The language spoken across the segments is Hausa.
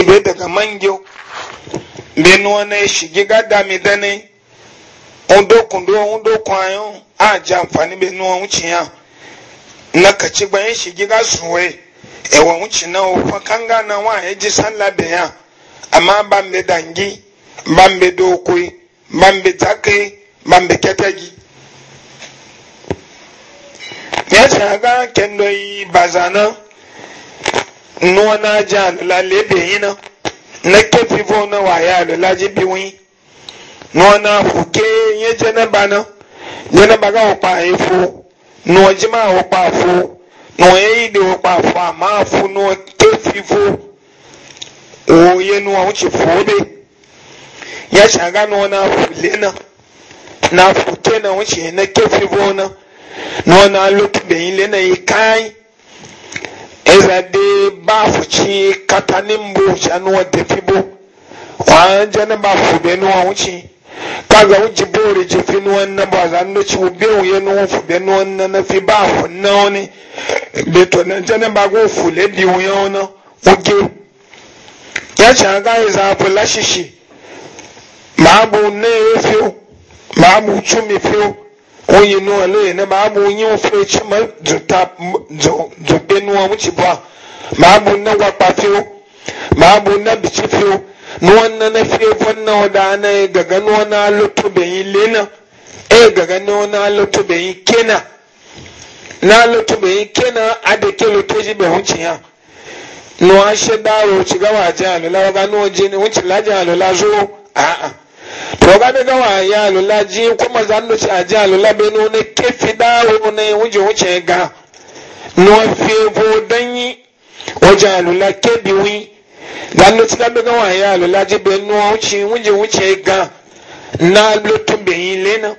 ibe daga mangyo benu na shige gada dami dani ndokun ndokwa ndokun ayon a ji amfani benu wani na kachigba bayan shige ga suwe ewa wuce na ofa kanga na wa ya ji labe ya ama ban be dangi ban be dokoi ban be ketegi ban be ketagi ya ci kendo yi bazana nuwa na ji alula lebe yi na na kefi vo na wa ya alula bi wi nuwa na fuke ye jeneba na jeneba ga opa efo ma jima opa afo nuwa ye ide opa afo ama afo nuwa kefi vo oye nuwa wuce fobe ya shaga nuwa na fule na na fuke na wuce na kefi vo na nuwa na lokin da yi lena yi kayi ezade bafu ci katanin bu shanuwa tafi bu kwan jana bafu benuwa wuce kaga wuce bori jefi nuwan na ba za nu ci ube wuye nuwan fu benuwan na na fi bafu na wani beto na jana ba go fu ledi wuye wani oge ya ci an gaya zafi lashishi ma abu ne ya fiyo ma abu cumi fiyo wonyi nuwa loye na maabu wonyi wofe chi ma zuta zupe nuwa wuchi bwa maabu na wakpa fiyo maabu na bichi fiyo nuwa na na fiye vonna wada na e gaga nuwa na lotu beyi lena e gaga nuwa na lotu beyi kena na lotu beyi kena adeke lotu ji be wuchi ya nuwa she daro wuchi gawa ajalo la waga nuwa jini wuchi la ajalo la zuwa a'a to ga daga wa ya lula ji kuma zan nuci a ji lula bai nuna kefi dawo ne wuce wuce ga nuwa fefo don yi wajen lula kebi wi zan nuci ga daga wa ya lula ji bai nuna wuce wuce wuce ga na lutun bai yi lena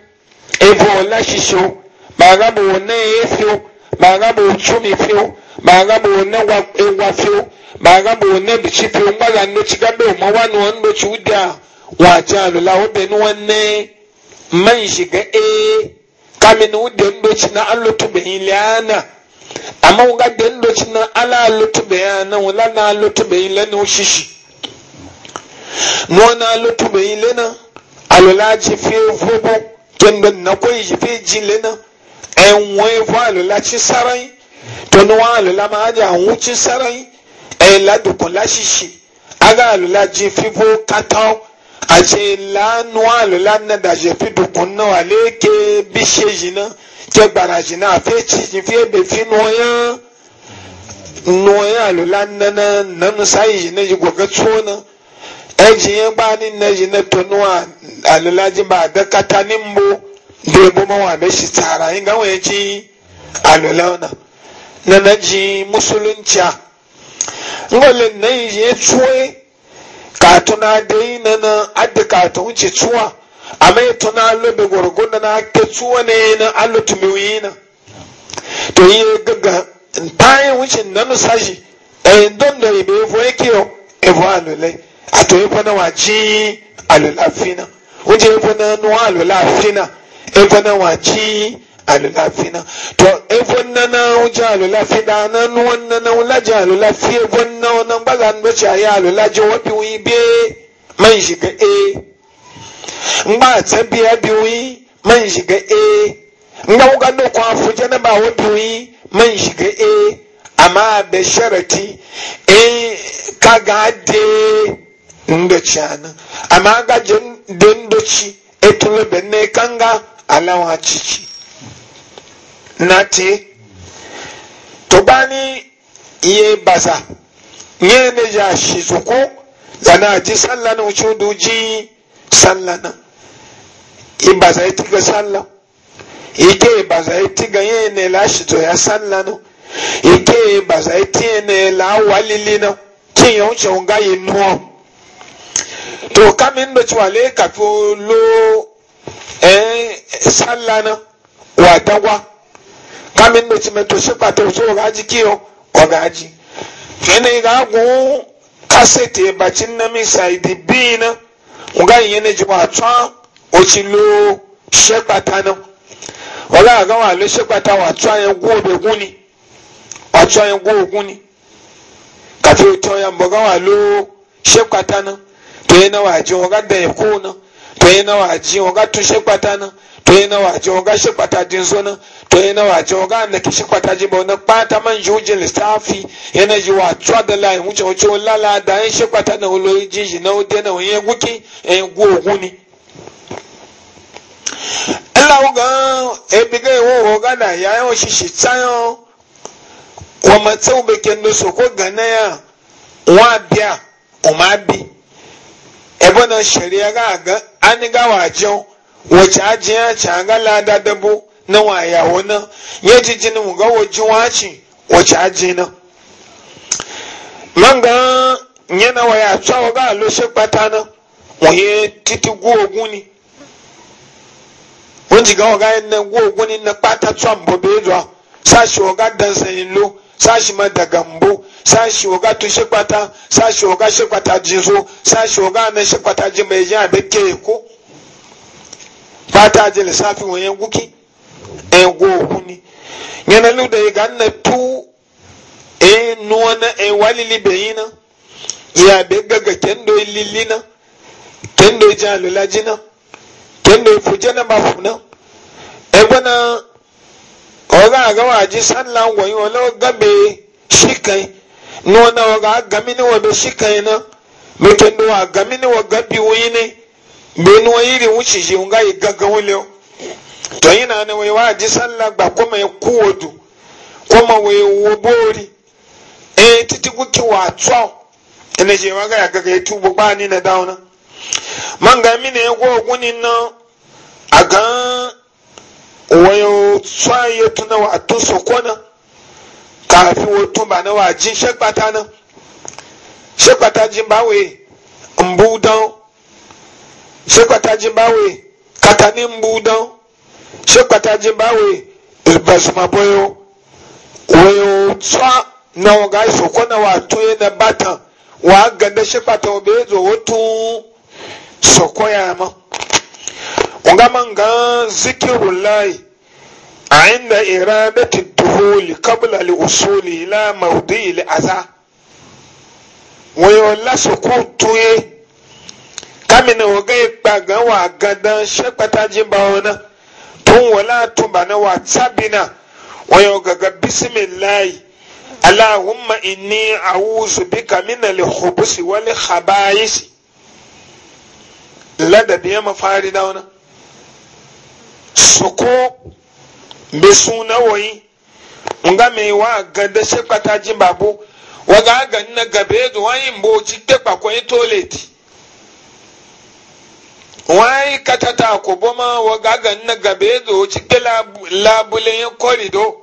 ebo la shisho ba ga bo ne yesu ba ga bo chumi fiu ba ga bo ne wa fi fiu ba ga bo ne bichi fiu ngwa zan nuci ga do ma wa no ndo chuda wace alula wadannan wannan man shiga e kamin wudan doci na an lutu bayin liyana amma wuga den doci na ala lutu bayana wula na lutu bayin lana shishi mona lutu bayin lana alula ci fi fubu kendo na koyi ci fi jin lana enwe fu alula ci sarai tonuwa alula ma aja sara yi. e ladukun lashishi aga alula ji fi bu a ce lanuwa lulana da jefi dukun nawa leke bishe jina ke gbara jina na fe cikin fiye da fi noya noya lulana na nanu sayi jina ji goga tsona eji yin ba ni na jina tonuwa alulaji ba da kata ni mbo da ebo mawa da shi tsara yin gawa ya ci alulana na na ji musulunci a ngole na yi je tsoye katuna dai na nan adda katun ce tsuwa a mai tuna lobe gwargwada na ake tsuwa ne na allutu miwi na to yi gaga tayin wuce na nusashi ɗayin e, don da ibe ya yake kiyo evo alulai a to ya fana waci alulafina wuce ya fana nuwa alulafina ya e fana waci alulafi na to evon nana na wuce alulafi da na nuwan na na wulaje alulafi evon na ona gbaga ndo ci ayi alulaje wabi wuyi be man shiga e ngba ta biya bi wuyi man e nga wuga ndo kwa fuje na ba wabi wuyi man shiga e amma da sharati e ka ga de ndochi ci ana amma ga jin don doci etule benne kanga alawa cici nati tubani iye baza nye ne ya shizuku zana ji sallah na wuce duji sallah na in ba za ti ga sallah ike ba za ti ne la shi to ya sallah na ike ba za ne la walili na kin ya wuce nga yi nuwa to kamin da cewa le kafin lo eh sallah na wa kamin da cimento shi kwata so gaji kiyo o gaji fene ga gun kasete bacin na mi saidi bina nga yene ji wa twa o ti lo she kwata na wala ga wa lo she kwata wa twa yen gun be gun ni wa twa yen gun ogun ni ka fi to ya mbo ga wa lo she kwata na to yana wa ji o ga da ko na to yana wa ji o ga tun she kwata na to yana wace oga shi kwatajin sunan to yana wace oga na ki shi kwataji ba wani kpata man ji wujin lissafi yana ji wacewa da layin wuce wuce lala da yan shi kwata na wuloyi ji na wude na wani guki yan eh, gu ogun ni. ina ga ebi ga iwo e oga na yayan oshishi tsayon wa matsa ubeke nusu ko gana ya wa biya o ma bi ebe na shari'a ga aga an ga wajen wacce ajiya ci a ga lada dabo na waya wani ya ji mu ga wajen wace wacce aji na man ga yana waya tsawo ga aloshe kpata na wòye titi gu ogun ni wọ́n ti gan ọ̀gá na gu ni na kpata tó àmbọ̀ zuwa sashi a sáàsì ọ̀gá dansẹ̀yìn ló sáàsì ma dàgà mbó sáàsì ọ̀gá tu ṣe kpata sáàsì ọ̀gá ṣe kpata jìn sashi sáàsì ọ̀gá àná ṣe kpata jìn bẹ́ẹ̀ yẹn àbẹ́ ko fata je lissafin wa yan guki en go huni yana lu da ga eh, na tu e eh, nuwana e walili beyina ya be gaga kendo lilina kendo jalula jina kendo fujana ba funa e bana oga ga waji sallan goyi wala gabe shikai nuwana waga gamini wa be shikai na kendo wa gamini wa gabi ne. benu wa yiri wuce shi nga yi gaga wule to yi na ne wai waji sallah ba kuma ya kuwadu kuma wai wobori eh titi guki wa tso ene je waga ya gaga yitu bo ba ni na dauna man ga mi ne go guni na aga wayo tso ya tuna wa to sokona kafi wo tun ba na wa ji shekpata na shekpata ji ba we mbu shekwata jimbawe katani mbudan shekwata jimbawe ebasumaboyo weyo tswa na waga soko na watoye na batan wa ganda shekwata obezo wotu soko ya ma nga manga zikirullahi عند إرادة الدخول قبل الوصول إلى موضع الأذى ويولا سكوت تويه amina na woga ikpa ga wa gadan shekpata jimba wona tun wala tumba na wa tsabina wayo gaga bismillahi allahumma inni a'udhu bika min al-khubuth wal khaba'is lada biya mafari da wona soko be suna woyi nga me wa gadan shekpata jimba bo waga ga na gabe do wayin bo ci tekpa ko toleti wai katata ko boma wa gaga na gabe zo cikin labulen korido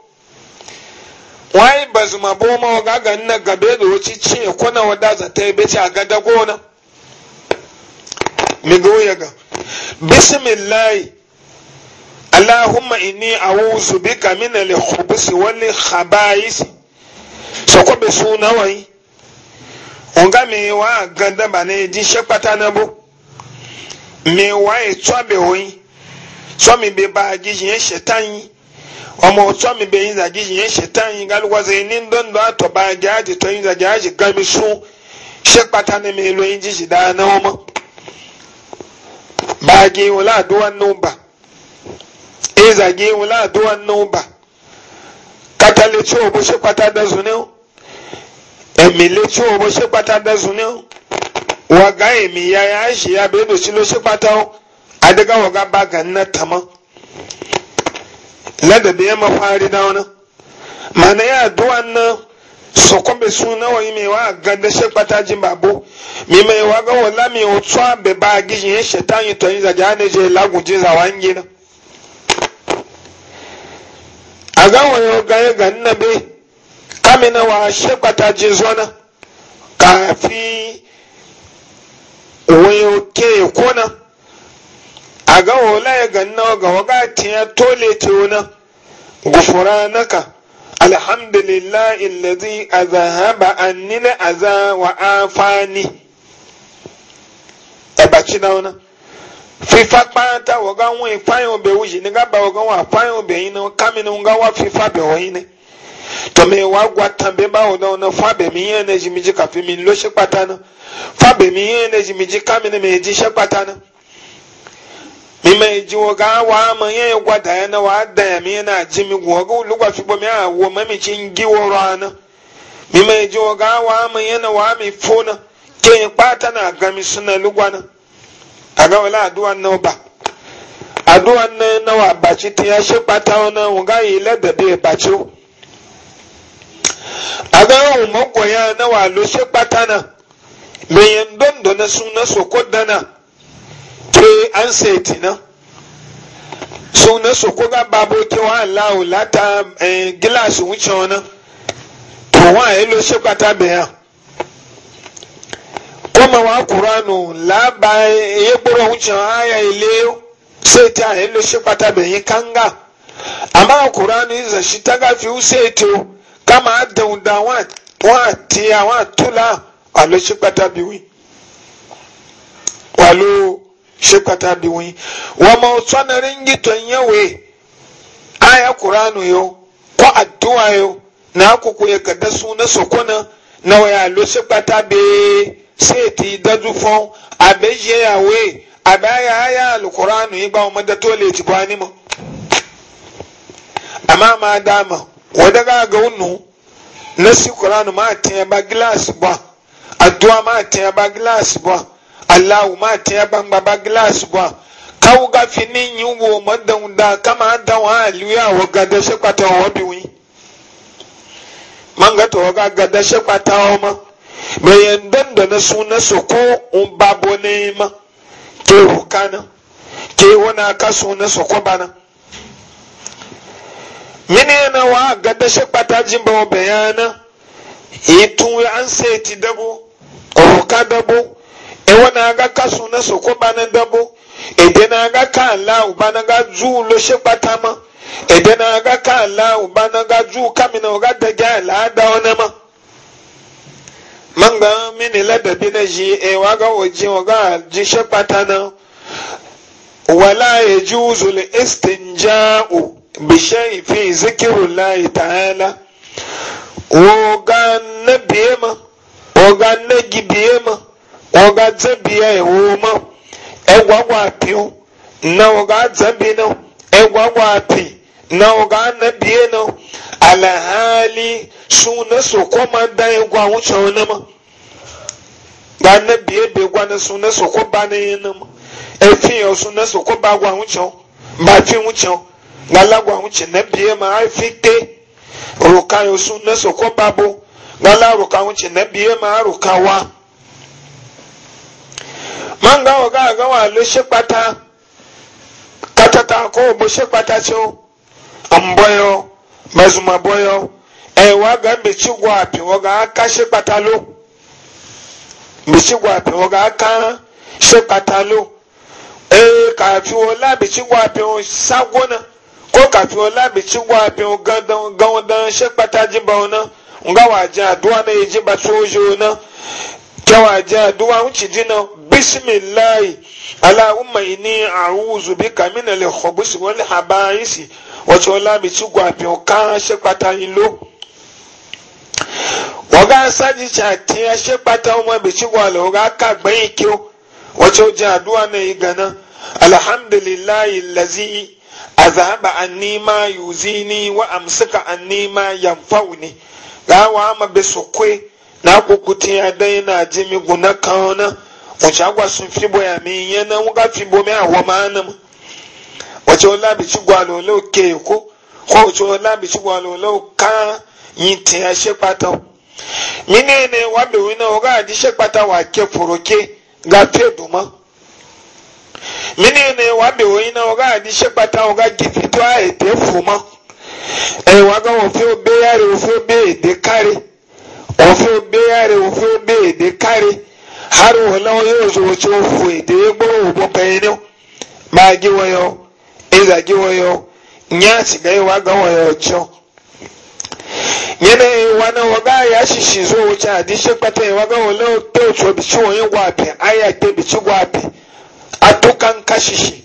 wai bazuma boma wa gaga na gabe zo cikin kona wada za ta yi bece a gada gona mi goya ga bismillahi allahumma inni a'udhu bika min al-khubusi wal khaba'is so ko be suna wai ga mi wa ganda ba ne ji shepata na bo mi waye tsɔbe woyi tsɔmi be ba gizi ye shetan yi ɔmɔ tsɔmi be yin za gizi ye shetan yi galuwaze yi ni ndɔndɔ atɔ ba gya adi tɔ yin za gya adi gami sun se kpata ne mi lo yin gizi daa na wɔn ma yi wòle aduwa nnum ba ezagi wòle adowa nnum ba kata letsi wo bo se kpata da zu ne o emi letsi wo bo se kpata da zu ne o. waga emi ya ya shi ya bai da shi lo shi pata o adiga waga ba ga na tama lada da ya mafari da wani mana ya duwa na sokon be suna wa yi ga da shi pata jin babu mi mai ga wala mi otu abe ba gijin ya shetan yi to yi zaje ne je lagun jin za wangi na a ga wani ga ya ga nna be kamina wa shi pata jin zo zona kafi wayo ke kona a ga wala ya ganna ga waga tiya tole ce wuna gufuranaka alhamdulillah illazi azahaba annina aza wa afani ẹbàchi na wuna fifa kpata waga wọn ifayin obe wuji ni gaba waga wọn afayin obe yi na kamini nga wa fifa bẹ wọnyi ni. to me wa gwa tambe ba o na fa be mi yen na ji mi ji ka fi mi lo se pata na fa be mi yen na ji mi ji ka mi na me ji se pata na mi me ji wo ga wa ma yen gwa da na wa da mi na ji mi gwo ga lu gwa fi bo mi a wo ma mi chi ngi wo ra na mi me ji wo ga wa ma yen na wa mi fo na ke pata na ga mi suna lu gwa na aga wala aduwa na ba aduwa na na wa ba chi ti ya se pata na wo ga yi le de be ba chi agahun makoya na wa lose patana meyan dondo na suna soko dana ke an seti na suna soko ga babo ke wa lawo lata eh, gilasi wuce wani to wa lo e lose pata ya. kuma wa kuranu laba e ya gboro wuce aya ile seti a lo e lose pata beyin kanga amma kuranu izan shi ta gafi seti o kama adahun da wọn àti àwọn àtúlà àlọ ṣe pàtàkì wí wà ló ṣe pàtàkì wí wọn mọ sọnarin gítọ yẹwè aya kuranu yau ko addu'a yau na kuku ya kada na sokona na waya lo ṣe pàtàkì sai ti dájú fún abẹ́yẹ yàwé abẹ́yẹ aya alukuranu yìí bá wọn mọ́dá tó lè ti bọ́ ánimọ̀ àmọ́ àmọ́ àdámọ̀. wadda ga ga wunu na si kuranu ma tiɲɛ ba gilasi bɔ aduwa ma tiɲɛ ba gilasi bɔ alawu ma tiɲɛ gbangba ba glass bɔ kawu gafi ni nyi wo ma dɛn da kama dɛn wa aliya wa gada se kpata wa bi wi manga to ga gada se kpata wa ma bayan dandan na su na su ko un babo ne ma ke hukana ke wani aka su na su ko bana. yene na wa gada da shi kpata jin ba bayana itun e, an sai ti dabo o ka dabo e kasu na so ko bana dabo e na agaka ka la bana ga ju lo shi kpata ma ede na agaka ka la u bana ga ju kamina ga da ga ona ma manga mini ladabi na ji e wa ga oji wa ga ji shi kpata na wala yajuzu e al-istinja'u bishai fi zikirullahi ta'ala na biyema woga na gibiyema woga zabiya ya woma egwagwa piu na woga zabi na egwagwa pi na woga na biye na alahali suna so ma da egwa wuce na ma ga na biye be gwa na suna so ko ba na na ma efi suna so ko ba gwa ba fi galagwa wuce na biye ma haifi te roka yosu na soko babu gala roka wuce na biye ma roka wa man ga waga ga wa lo she pata katata ko bo she pata cho amboyo mazuma boyo e wa ga be chi gwa pe wa ga aka she pata lo be chi gwa pe wa ga aka she pata lo e ka fi wo la be chi gwa pe o sagona ko kafin wala bi ci gwa bi gandan gandan she pata ji ba ona nga wa ji aduwa na ji ba so jo na ke wa ji aduwa un ci ji na bismillah allahumma inni a'udhu bika min al-khubuth wal haba'is wa ci wala bi ci gwa bi kan she pata yin lo wọ́gá sájìjà tí ẹ ṣe pátá ọmọ ibìtí wà lọ wọ́gá kàgbẹ́yìn kí ó tí ó jẹ́ àdúrà náà yìí azaba anni ma yuzini wa amsaka anni ma yanfauni gawa ma be sokwe na kukuti ya dai na jimi guna kaona wace agwa sun fi boya mi yana wuga fi bo mi awo ma mu wace wala bi ci gwalo lo ke ko ko wace wala bi ci wa ga mini ne wa be wo ina oga di se pata oga gi fitu a ete fuma e wa ga wo fi obe yare wo fi obe ede kare wo fi obe yare wo fi obe ede kare har wo la wo yo zo zo fu ede gbo wo bo pe ni ma gi wo yo e za gi wo yo nya si ga wa ga wo yo cho nyene wana oga ya shishizo wuce a dishe kwata waga wala to cho bi ci wani gwape aya te bi ci gwape atukan kashishi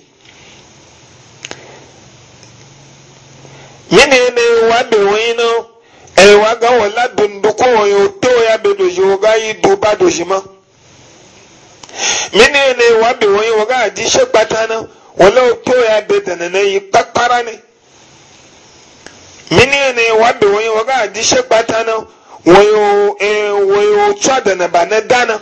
yene ne wa be wino e wa ga wala dundu ko yo to ya be do yoga yi do ba do jima mine ne wa be wino wa ga ji she patana wala to ya be danana yi papara ne mine ne wa be wino wa ga ji she patana wayo e wayo chadana na na dana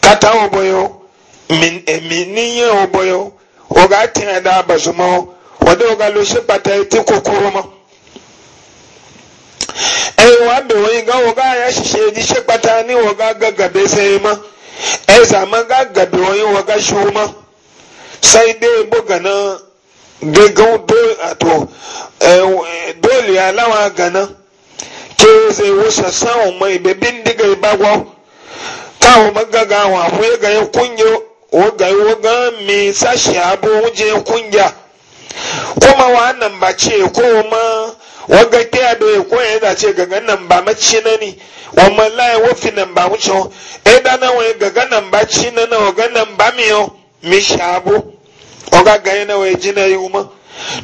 kata oboyo eminiye eh, oboyo oga tiɲɛ da basuma wade oga lusi pata eti kokoro ma ɛyi eh, wa bɛ wɔyi nga oga aya sise edi se pata ni oga gagabe sɛyi ma ɛza eh, ma ga gabe wɔyi oga siwu ma sayi de bo gana gɛgɛw do ato ɛɛ doli alawa gana kye ze wosa san o ma ibe bindiga ibagwaw. ta wo magaga wo afu ye gaye kunyo wo gaye wo ga mi sa shi abu wo je kunya kuma wa nan ba ce ko ma wa ga ta ya ko ya da ce ga nan ba mace na ni wa mallaye wo fi nan ba wuce e da na wo e ga ga nan ba ci na na wo nan ba mi yo mi shi abu wa ga ga na wo e ji na yi e kuma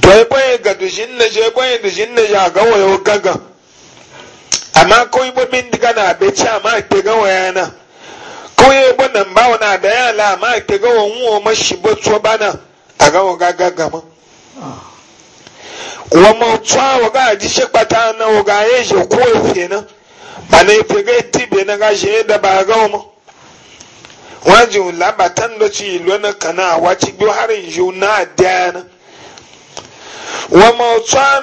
to e ba ga dujin na je ba ga dujin na ya ga wo ga ga amma ko yi bobin diga na abeci amma ke ga wayana. yana kawai bana ba wani da ala lama ke ga wani wa mashi batuwa bana a ga waga gagama wa a na waga ya je na ife ga tibe na ga shi da ba ga wama wajin labatan ilo na kana a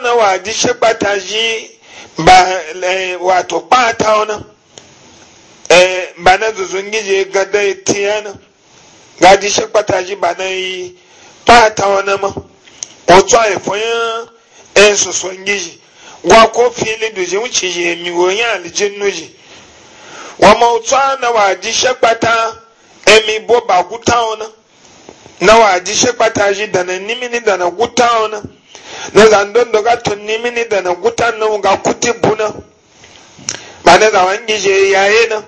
na wa shekwata ji ba eh, Eh, bana zuzun gije ga dai tiyana ga di shi kwata ji bana yi pata wani ma otu a ifoyin en eh, soson gije gwa ko fili duje wuce je mi woyin alijin nuji wa ma otu a na wa di shi kwata emi eh, bo ba guta wani na wa di shi kwata ji dana na nimini dana na guta wani na zandon da ga tun nimini dana guta na ga kuti buna ba na zaman gije yaye na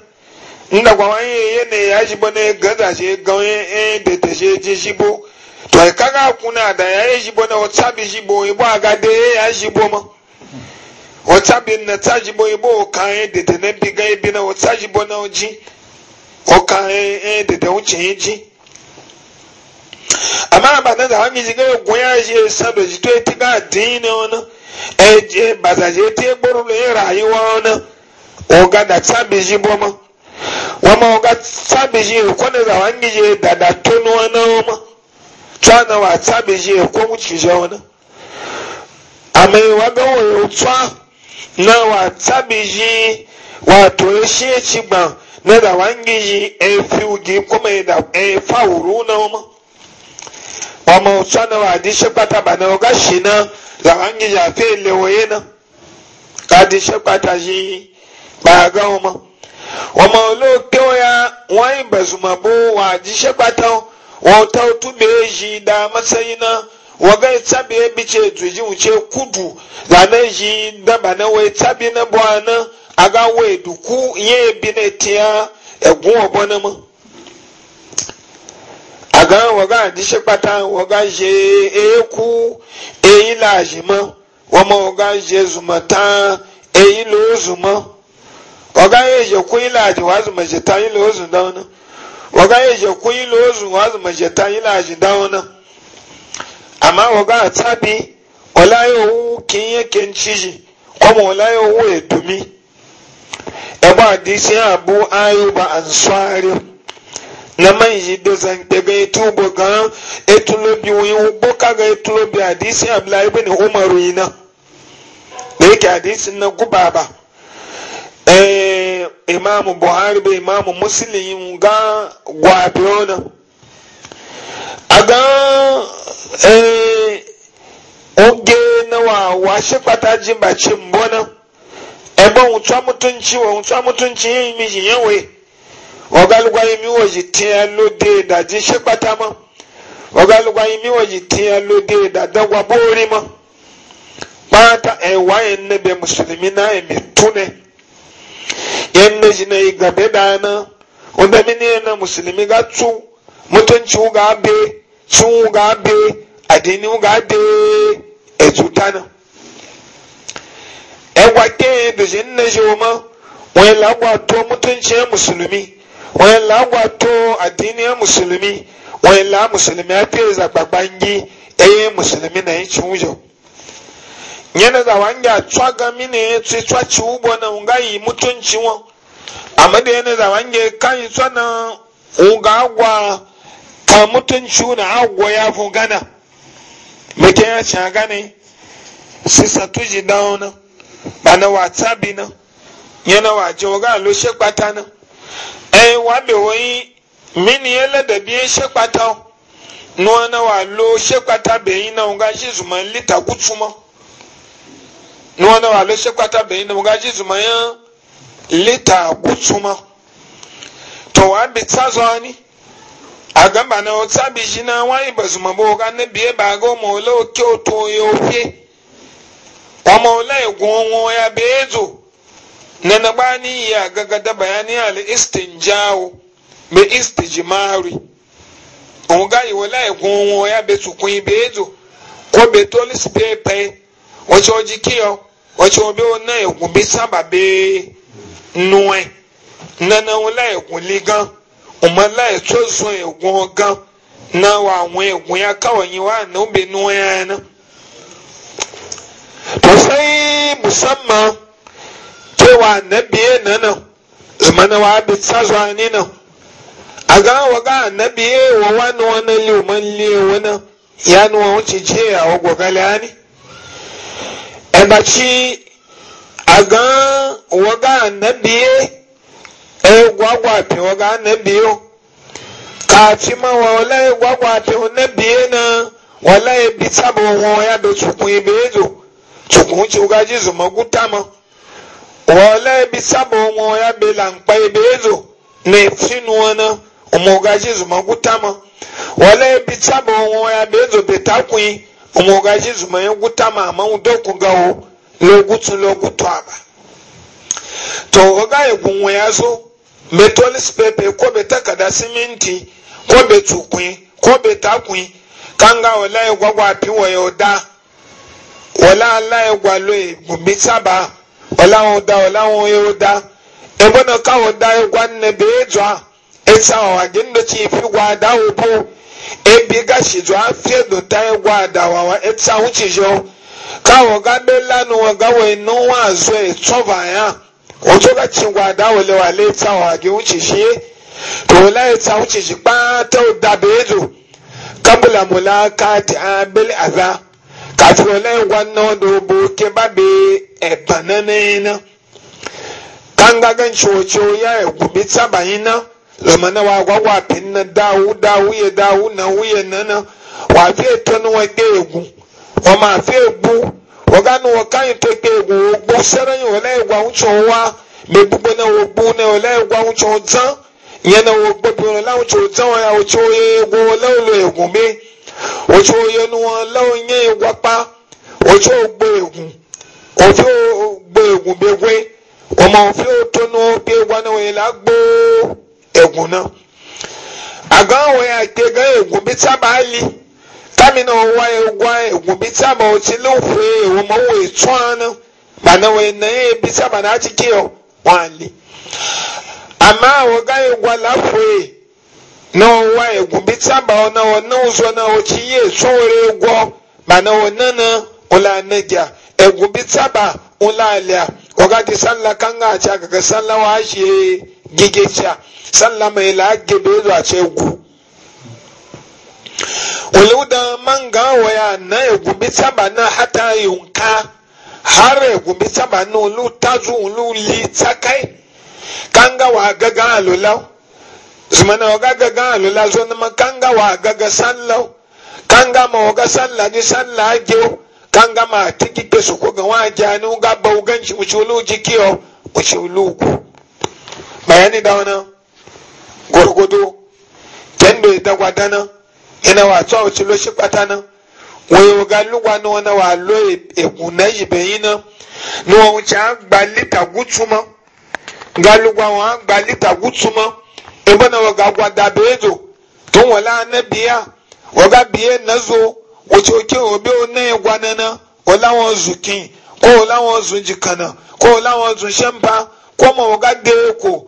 ndagwa wa ye ye ne ya shi bane gaza shi gawye e de te she ji shi bo to ai e kaga kuna da ya shi bane o tsabi shi bo ibo aga de ye ya shi bo ma o tsabi na tsa shi bo ibo o ka e de te ne e, bi ga ibi na o tsa shi bo na o ji o ka e e de e, te o chi ji amma ba na da hangi shi ga gun ya shi sabe to e ti ga din ne ona e je ba za je te gboro le rayuwa ona o ga da tsabi shi bo ma wama waga tsabiji kone za wangije da da tonu wani wama na wa tsabiji ko wucije wani amma e waga wayo tsa na wa tsabiji wa ya shi ci ba na da wangiji e fiugi kuma ya da e fauru na wama wama na wa di shi kwata ba na waga shi na za wangije a fi lewaye na ka di shi kwata shi ba ga wama wɔmɔ olóòkèwò ya wɔn ibazumabo wɔ adzihyɛ gbatawo wɔn tɔw tu bee zi daa masayi na wɔga etsabi ebitse edugyi wotse kudu zane yi daba na wɔ etsabi ne bɔ ana aga wɔ eduku nye ebi ne tia egun ɔbɔ ne mu aga wɔga adzihyɛ gbata wɔga zi eku eyi la azimɔ wɔmɔ wɔga zi zumata eyi lo zumɔ. waga yeje kuila aji ozu dauna waga yeje kuila ozu wazu majeta ila aji dauna amma waga atabi wala yowu kinye kenchiji kuma ọlaghị edumi ebe adịsi abụọ ayuba ansari na manji dozan daga etu ugbo gan etulobi wuyin ugbo ga etulobi adisi abdullahi bin umaru yina da yake na gubaba eh, imamu buhari be imamu muslim ga gwabiona aga eh oge na wa washe pataji bachi mbona ebe nwụtwa mutunci wa nwụtwa mutunci yi miji yanwe ọgalugwa imi woji tiya lode daji ṣe pata ma ọgalugwa imi woji tiya lode dadagwa bori ma pata ewa eh, ẹ nẹbẹ musulumi na ẹmi tune. yan na shi na yi gabe da na wanda mini na musulmi ga tsu mutunci ga be sun ga be adini ga be ejuta na ẹgwa ke dozi nna shi oma wani lagwato mutunci ya musulmi wani lagwato adini ya musulmi wani la musulmi ya fi zagbagbangi ẹyẹ musulmi na yi cin wujo. yana za wange a tsaga mine tsi tsaci ubo na unga yi mutunci wọn amma da yana za wange kan na unga agwa ka mutunci na agwa ya fi gana muke ya ci gane sisa tuji dawo na ba na na yana waje waga lo she kpata na eh wa be woyi mini yele da biye she kpata nuwa na wa lo she kpata be yi na unga shi zuma lita kutsuma. na wọn náà wà ló ṣẹ́pátá bẹ̀yìn náà mo gájí ìzùmọ̀ yẹn létà kùtùmọ̀ tọ̀wá bi tsazọ́ ni àgbàmbà náà ó tsábi yìí náà wọ́n yi bẹ̀zùmọ̀ bó ká ní bíyẹ́ biye mọ̀ ó lọ́wọ́ kí o tó yẹ o fíye ọmọ ọlẹ́gùn wọn ya bẹ́ẹ̀ zò nana bá ní ìyá gàgàdà bàyání àlẹ́ ìsìtìjáwó bẹ́ ìsìtìjìmáàrì òun gáyìí wọ́n lẹ́gùn wọn ya bẹ́ẹ̀ ya bẹ́ẹ̀ zò kó bẹ́ẹ̀ zo. ko sì toli pẹ́ẹ́ wọ́n ti ọjí kí ọ. wɔtsi wɔ bi wo na egun bi saba be nana la egun gan ɔmo la etso zɔn gan na wa wɔn egun ya ka wɔnyi wa na wo be nue ya na tosai musamman cewa na biye na na zumana wa bi tsa a ga wa ga na biye wa wani wani ya nuwa wuce ce ya wa gogale ya ne ebachi agan waga annabiye e gwagwafe waga annabiyo kafi ma wala e gwagwafe annabiye na wala e bisa bo won ya do tukun ibezo tukun ci uga jizu maguta ma wala e bisa bo won ya be la na ibezo ne finu ona omo uga jizu maguta ma wala e bisa bo won ya bezo betakun umoga jizuma yoguta mama udoku gawo logutu logutu aba to oga egunwe yazo betolis pepe ko kada siminti ko betukwin ko kui kanga wala egwa gwa piwo yoda wala ala egwa lo egumbi saba wala oda wala oyoda ebona ka oda egwa nne bejwa etsa wa gindo chi fi gwa da ubu ebi ga shi zo afie do ta egwa adawa wa etsa wuci jo ka wo ga do lanu wo ga we no wa zo e tsova ya o to ga chin gwa da wo le wa le tsa wa ge wuci shi to la etsa wuci shi pa ta o da be zo kabla mulakati abil adha kafin lai wannan da rubu ke ba be e banana na kan gagan cocio ya e gubi tsabayin na zamana wa gwagwa tin na dawu dawu ye dawu na wuye nana wa fe to no ge egu o ma fe egu o ga no ka yin to ge egu o gbo sere yin o le egwa uncho wa me gbogbo na o gbo na o le egwa uncho tan yen na o gbo bi o la uncho tan o o cho ye egu o le o lo egu mi o cho ye nu won la o yin egwa pa o cho gbo egu o fi o gbo egu begwe o ma fi o no ge egwa na o ye la egwu na aga ahụ ya ite ga egwu bita ba ali tamina ọwa egwu egwu bita ba oti lukwu ewu ma wo etu anụ mana wee na ya ebita ba na achịkị ya nwali ama ahụ ga egwu alafue na ọwa egwu bita ba ọ na ọ na ụzọ na ochi ya etu were egwu mana ọ na na ụlọ anagya egwu bita ba ụlọ alia ọ ga dị sanla kan ga acha gaga sanla wa ashe gigecha sallah mai lagge bai zuwa ce gu wale da man waya na ya gumi saba na hata yunka har ya gumi saba na ulu tazu ulu li tsakai kan gawa gaga alula zumana waga gaga alula zo na ma kan gawa gaga sallau kan gama waga sallah ji sallah gewu kan gama tiki ke su ko ga ja wajani ga ba u bauganci uci ulu jikiyo uci ulu bayani da wani gorgodo kendo ya e dagwada ina wa tsawo ci lo e, e shi ga na wa lo egun na ibe yi na ni wọn ci an gba lita ma ga gba lita na waga gwada bezo tun na biya biye na zo wace oke obe o na ya gwana na wọn zukin ko wala wọn zun ko ko de ko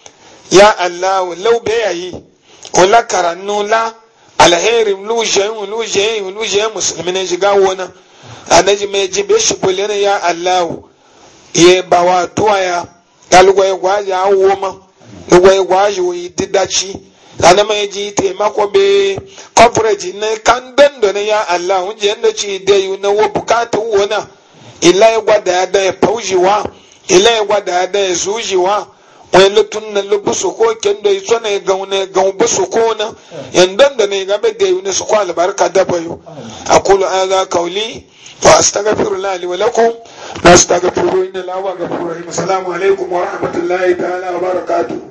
ya allah law bayayi wala karannu la alherim lu jeyin lu jeyin lu jeyin musulmi ne shiga wona anaji mai ji be shi kulene ya allah ye bawa tuaya kalugwa ye gwaji awoma lugwa ye gwaji wo didachi anama ye ji te mako be coverage ne kan dendo ne ya allah unje ndo chi de yu na wo bukata wona ila ye gwada ya pawu ye pauji wa ila ye gwada ya zuu ye wa wọn lé na lubu su ko soko da iso na egan na ba su ko na yan da na egan da yi ne kulu alibarika daba yi akulu ala kawuli wa astagafiru la ali walakum na inna lawa gafuru rahim assalamu alaikum wa rahmatullahi ta'ala wa barakatuh